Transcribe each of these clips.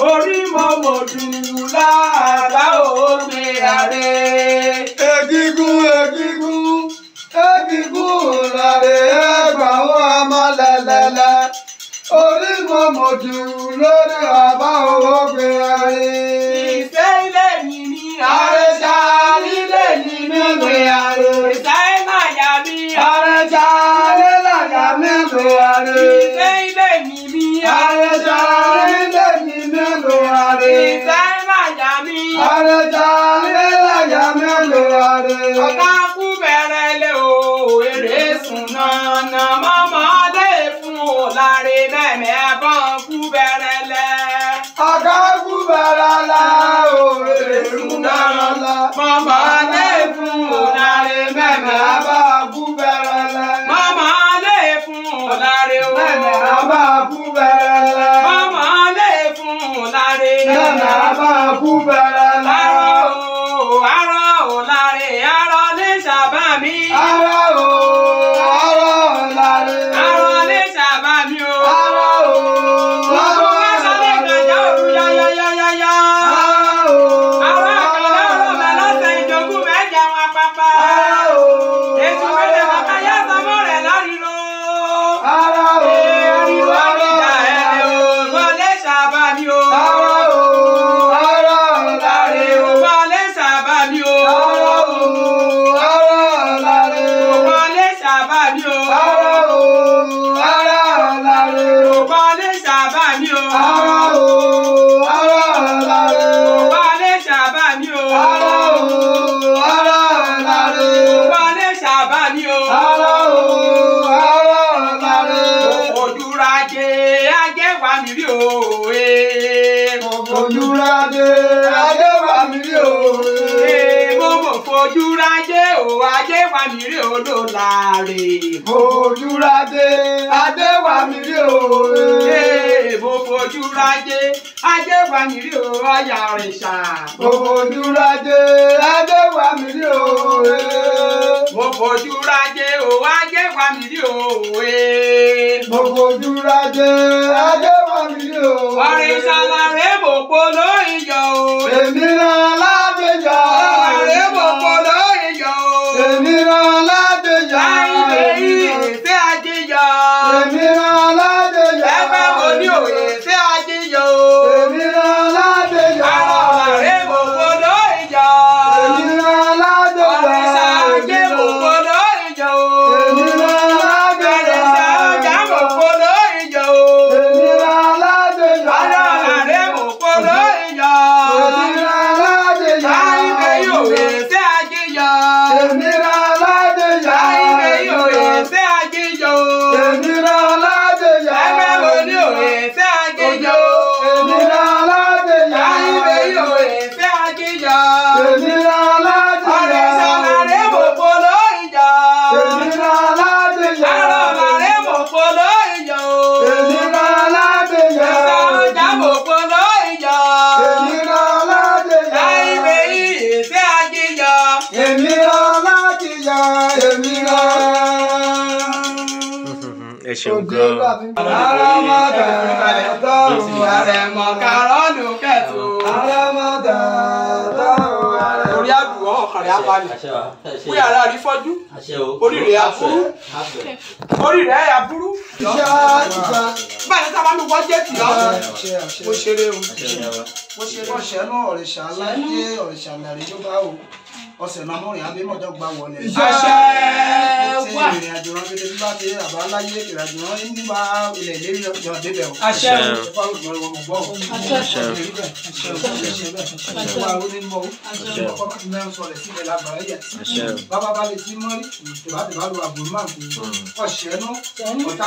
orí mọ̀mọ́ dùn láàlá ògbé àrẹ. Egígún egígún egígún làrẹ ẹgbà wọn a máa lẹ́lẹ́lẹ́. Orí mọ̀mọ́ dùn lórí àbá ògbé àrẹ. Ìfẹ́ ilé mi ni àrẹ̀sà ilé mi ni ògbé àrẹ. Ìfẹ́ ìlàjà mi. Àrẹ̀sà ilé ìlàjà mi ògbé àrẹ. Ìfẹ́ ilé mi ni àrẹ̀sà ilé ìfẹ́ láyà mi. àrẹ̀jà ilé láyà mẹ́lò àrẹ. ọ̀tá kú bẹ̀rẹ̀ lé o èrè sùn nànà mọ́mọ́ dé fún bàrà lára o. Ará ò láre, ará ní sábà mi. Ará ajé wà mí rí o eh. mo fojú rájé ajé wà mí rí o eh. mo mọ̀ fojú rájé o ajé mi mí rí o ló láre. mo fojú rájé ajé wà mí rí o mo fojú rájé ajé wà mí rí o eh. ọ̀yà rẹ̀ ṣá. mo fojú rájé ajé wà mí rí o fojú rajé o ajé wa mi rí òwe. mo fojú rajé ajé wa mi rí òwe. ọ̀rẹ́ ìsàlàyé mò ń ṣeun gan. aramada tọrùn àrẹ̀mọ karọ́nù kẹtù. aramada tọrùn àrẹ̀mọ. orí rẹ̀ abalẹ̀ wí orí rẹ̀ aburú orí rẹ̀ aburú. báyìí sábà ní wọ́n jẹ́ tìlọ́ mo ṣeré o mo ṣeré ọ̀ṣẹ́ náà ọ̀rẹ́ṣà aláìjẹ́ ọ̀rẹ́ṣà nàìjíríà báwo ọ̀sẹ̀ náà mọ̀rìn abẹ́mọ̀jọ́ gba wọlé. ìṣe wà ti ìrìn àjò rán gbẹdẹ bíbá ti àbá láyé ìrìn àjò rán ní bá ilẹ̀ ìlérí ọ̀jọ̀ débẹ̀ o. àṣẹ o ìfọwọ́ ìgbọ̀n wọn gbọ́ o. àṣẹ o àṣẹ o àṣẹ o àṣẹ o àwọn onímọ̀ o àṣẹ o ọkọ̀ mẹ́rin sọ̀rọ̀ sílẹ̀ lágbàáyé yẹn. àṣẹ o bàbá bá lè ti mọ́rí tìbátìbá lu àbúrò máa fi ọ̀ṣẹ́ nú ọ̀tá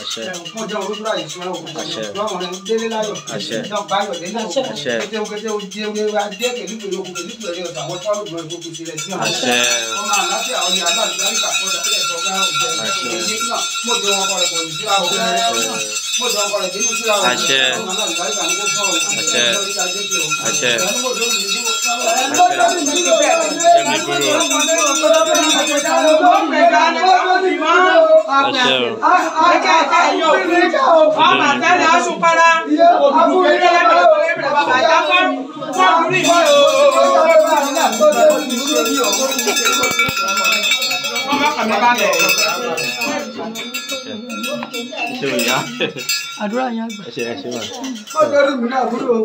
àṣẹ ọjọ́ olúkúrà ìṣúná òkùnkùn àṣẹ lọ́wọ́ rẹ̀ ń délé láyọ̀ àṣẹ ìjọba ayọ̀ délé láyọ̀ àṣẹ kété kété ojé ojé adé kèlú pèlú okùn pèlú pèlú ẹ̀rọ àwọn tọ́lù gbọ́n ìgbókù sílẹ̀ sí ọ̀hún àṣẹ ọmọ àlàáfíà ọ̀lẹ́ aláàbíyáríkà kọjá sílẹ̀ sọ̀gá ọ̀gbẹ́ ìgbẹ́ náà mo jẹ́ wọn kọ̀rọ̀ kọ̀rọ̀ síra ọ̀gbẹ́ mo jẹ́ wọn kọ̀rọ̀ sínú síra ọ̀gbẹ́ ọmọ àlàáfíà ní kò fọ́ ọ̀gbẹ́ ọ̀gbẹ́ àdúrà yẹn àgbà. ẹ ṣe ẹ ṣe wà. ọjọ́ orí mi náà wúlò.